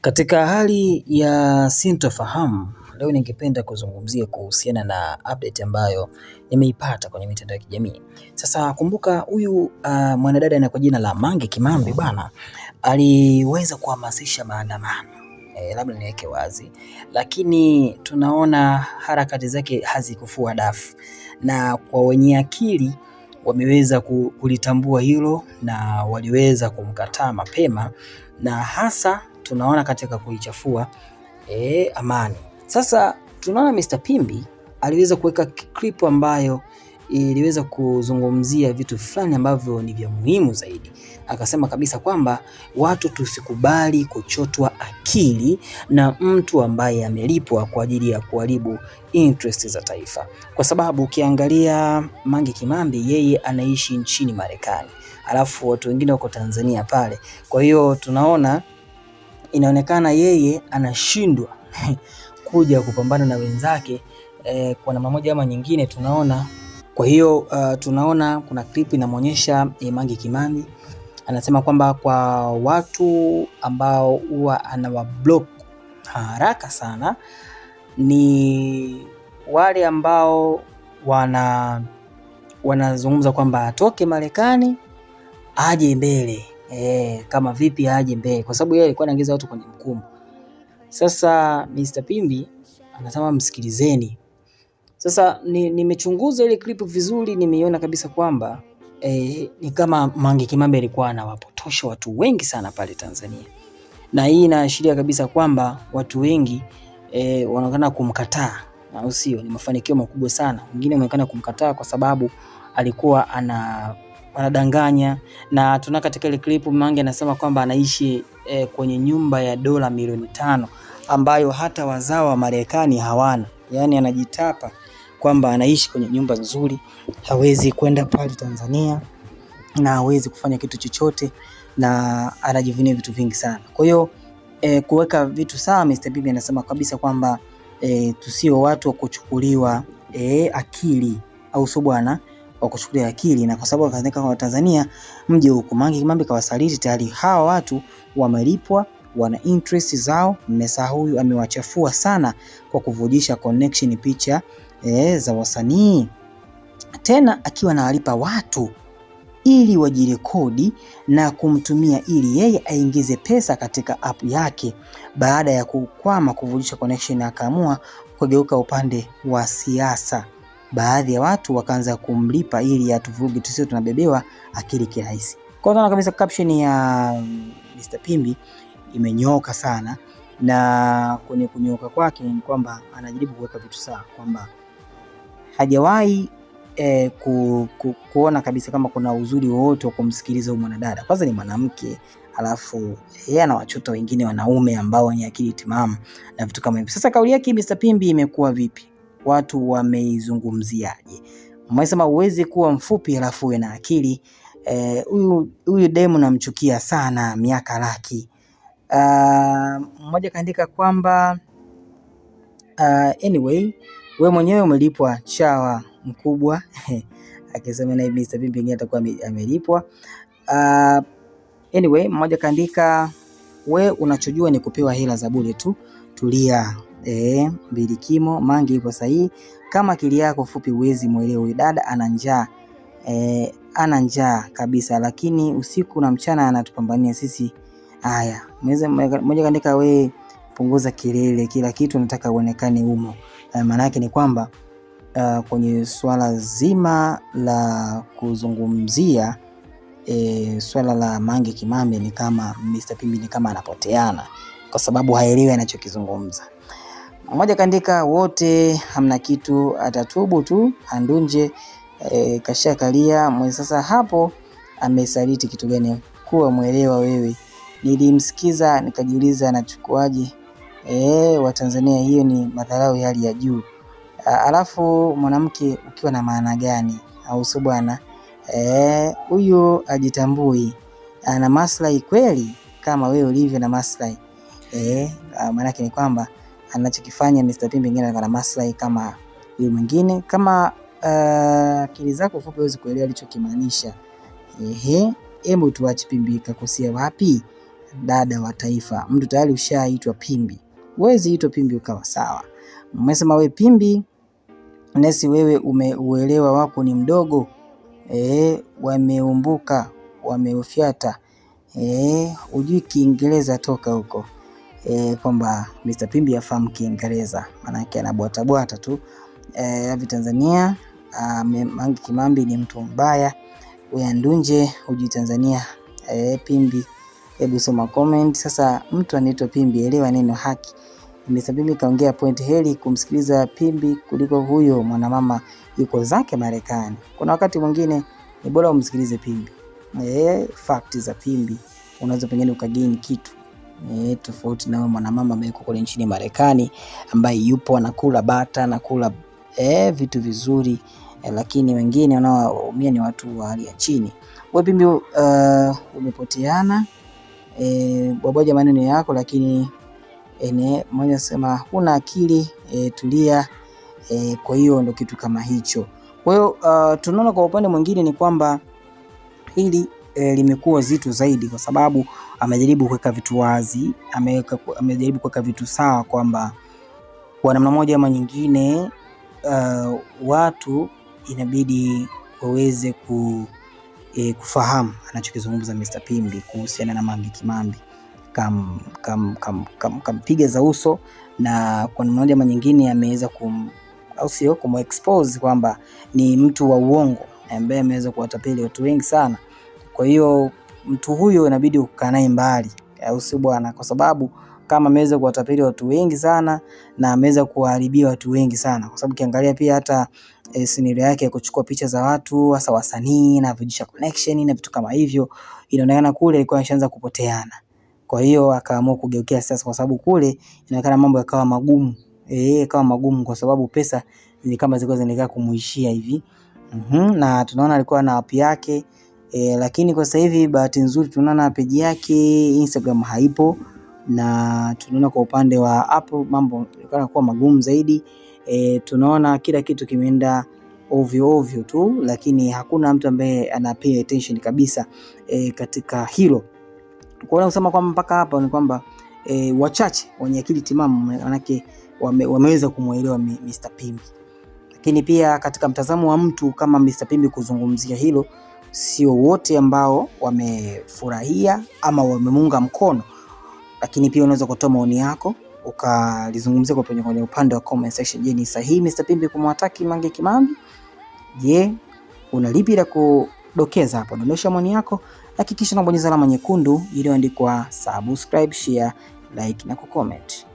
Katika hali ya sintofahamu, leo ningependa kuzungumzia kuhusiana na update ambayo nimeipata kwenye mitandao ya kijamii. Sasa kumbuka huyu uh, mwanadada na kwa jina la Mange Kimambi bana aliweza kuhamasisha maandamano e, labda niweke wazi, lakini tunaona harakati zake hazikufua dafu, na kwa wenye akili wameweza kulitambua hilo na waliweza kumkataa mapema na hasa tunaona katika kuichafua e, amani. Sasa tunaona Mr. Pimbi aliweza kuweka clip ambayo iliweza kuzungumzia vitu fulani ambavyo ni vya muhimu zaidi. Akasema kabisa kwamba watu tusikubali kuchotwa akili na mtu ambaye amelipwa kwa ajili ya kuharibu interest za taifa, kwa sababu ukiangalia Mange Kimambi yeye anaishi nchini Marekani, alafu watu wengine wako Tanzania pale, kwa hiyo tunaona inaonekana yeye anashindwa kuja kupambana na wenzake eh, kwa namna moja ama nyingine tunaona. Kwa hiyo uh, tunaona kuna clip inamwonyesha eh, Mange Kimambi anasema kwamba kwa watu ambao huwa anawablock haraka sana ni wale ambao wana wanazungumza kwamba atoke Marekani aje mbele eh, kama vipi aje Mbeya, kwa sababu yeye alikuwa anaingiza watu kwenye mkumbo. Sasa Mr. Pimbi anasema msikilizeni. Sasa nimechunguza ni ile clip vizuri, nimeiona kabisa kwamba eh, ni kama Mange Kimambe alikuwa anawapotosha watu wengi sana pale Tanzania, na hii inaashiria kabisa kwamba watu wengi eh, wanaonekana kumkataa au sio? Ni mafanikio makubwa sana. Wengine wanaonekana kumkataa kwa sababu alikuwa ana wanadanganya, na tuna katika ile clip Mange anasema kwamba anaishi eh, kwenye nyumba ya dola milioni tano ambayo hata wazao wa Marekani hawana. Yaani anajitapa kwamba anaishi kwenye nyumba nzuri, hawezi kwenda pale Tanzania na hawezi kufanya kitu chochote, na anajivunia vitu vingi sana. Kwa hiyo eh, kuweka vitu sawa, Mr. Bibi anasema kabisa kwamba eh, tusio watu wa kuchukuliwa eh, akili, au sio bwana? wa kuchukulia akili, na kwa sababu kadhalika kwa Tanzania mje huko Mange Kimambi kawasaliti tayari, hawa watu wamelipwa wana interest zao. Mmesa huyu amewachafua sana kwa kuvujisha connection picha e, za wasanii tena akiwa nawalipa watu ili wajirekodi na kumtumia ili yeye aingize pesa katika app yake. Baada ya kukwama kuvujisha connection, akaamua kugeuka upande wa siasa baadhi ya watu wakaanza kumlipa ili atuvuruge tusio tunabebewa akili kirahisi. Kwa hiyo kabisa caption ya Mr. Mm, Pimbi imenyoka sana, na kwenye kunyoka kwake ni kwamba anajaribu kuweka vitu sawa kwamba hajawahi eh, ku, ku, kuona kabisa kama kuna uzuri wowote wa kumsikiliza huyu mwanadada. Kwanza ni mwanamke alafu yeye wachoto wengine wanaume ambao wenye akili timamu na vitu kama hivyo. Sasa kauli yake Mr. Pimbi imekuwa vipi? watu wameizungumziaje. Mmesema uwezi kuwa mfupi halafu uwe na akili eh, huyu eh, demu namchukia sana miaka laki. Ah, mmoja kaandika kwamba uh, anyway we mwenyewe umelipwa chawa mkubwa akisema na Mr. Pimbi pengine atakuwa amelipwa. Uh, anyway mmoja kaandika we unachojua ni kupewa hela za bure tu, tulia eh, bilikimo mangi ipo sahihi. Kama akili yako fupi uwezi mwelewa huyu dada ana njaa eh, ana njaa kabisa, lakini usiku na mchana anatupambania sisi. Haya, mmoja kaandika, we punguza kelele, kila kitu nataka uonekane humo. Eh, maana yake ni kwamba uh, kwenye swala zima la kuzungumzia E, swala la Mange Kimambe ni kama Mr. Pimbi ni kama anapoteana kwa sababu haelewi anachokizungumza. Mmoja kaandika wote hamna kitu, atatubu tu andunje E, kalia mwe sasa. Hapo amesaliti kitu gani? Kuwa mwelewa wewe. Nilimsikiza nikajiuliza anachukuaje? E, Watanzania, hiyo ni madharau ya hali ya juu. Alafu mwanamke ukiwa na maana gani? Au sio bwana? E, Huyu e, ajitambui ana maslahi kweli kama wewe ulivyo na maslahi e, maanake ni kwamba anachokifanya Mr. statii pengine kana maslahi kama yule mwingine, kama eh, akili uh, zako fupi huwezi kuelewa alichokimaanisha. Ehe, hebu tuache Pimbi kakosia wapi? Dada wa taifa, mtu tayari ushaitwa Pimbi, huwezi itwa Pimbi ukawa sawa. Mmesema we Pimbi nesi, wewe umeuelewa wako ni mdogo e, wameumbuka wameufyata e, ujui Kiingereza toka huko e, kwamba Mr. Pimbi afahamu Kiingereza, maanake anabwatabwata tu e, avi Tanzania Mangi Kimambi ni mtu mbaya, uyandunje uji Tanzania e, Pimbi hebu soma comment. Sasa mtu anaitwa Pimbi, elewa neno haki. Mr. Pimbi kaongea point, heri kumsikiliza Pimbi kuliko huyo mwanamama yuko zake Marekani. Kuna wakati mwingine ni bora umsikilize Pimbi. E, fact za Pimbi unaweza pengine ukagain kitu eh, tofauti na mwanamama ambaye yuko kule nchini Marekani ambaye yupo anakula bata anakula eh, vitu vizuri eh, lakini wengine wanaoumia ni watu wa hali ya chini. Wewe Pimbi uh, umepoteana eh, baboja maneno yako, lakini ene eh, mmoja sema huna akili e, tulia e, kwa hiyo ndo kitu kama hicho. Kwa hiyo uh, tunaona kwa upande mwingine ni kwamba hili e, limekuwa zito zaidi, kwa sababu amejaribu kuweka vitu wazi, amejaribu kuweka vitu sawa kwamba kwa namna moja ama nyingine, uh, watu inabidi waweze ku, e, kufahamu anachokizungumza Mr. Pimbi kuhusiana na Mange Kimambi kam, kam, kam, kam, kampiga za uso na kwa namna moja ama nyingine ameweza kum au sio, kumexpose kwamba ni mtu wa uongo ambaye ameweza kuwatapeli watu wengi sana. Kwa hiyo mtu huyo inabidi ukae naye mbali, au si bwana? Kwa sababu kama ameweza kuwatapeli watu wengi sana na ameweza kuwaharibia watu wengi sana, kwa sababu ukiangalia pia hata e, eh, sinira yake ya kuchukua picha za watu hasa wasanii na vijisha connection na vitu kama hivyo, inaonekana kule alikuwa imeshaanza kupoteana. Kwa hiyo akaamua kugeukea siasa, kwa sababu kule inaonekana mambo yakawa magumu eh, yakawa magumu kwa sababu pesa ni kama zilikuwa zinaelekea kumuishia hivi. Mm -hmm. Na tunaona alikuwa na wapi yake e, lakini kwa sasa hivi bahati nzuri tunaona peji yake Instagram haipo na tunaona kwa upande wa Apple mambo yanakuwa kuwa magumu zaidi. E, tunaona kila kitu kimeenda ovyo ovyo tu, lakini hakuna mtu ambaye ana pay attention kabisa e, katika hilo. Kwa hiyo nasema kwamba mpaka hapa ni kwamba e, wachache wenye akili timamu manake wame, wameweza kumwelewa Mr Pimbi, lakini pia katika mtazamo wa mtu kama Mr Pimbi kuzungumzia hilo sio wote ambao wamefurahia ama wamemunga mkono, lakini pia unaweza kutoa maoni yako ukalizungumzia kwa kwenye upande wa comment section. Je, ni sahihi Mr. Pimbi kumwataki Mange Kimambi? Je, una lipi la kudokeza hapo? Dondosha maoni yako, hakikisha unabonyeza alama nyekundu iliyoandikwa subscribe, share, like na kucomment.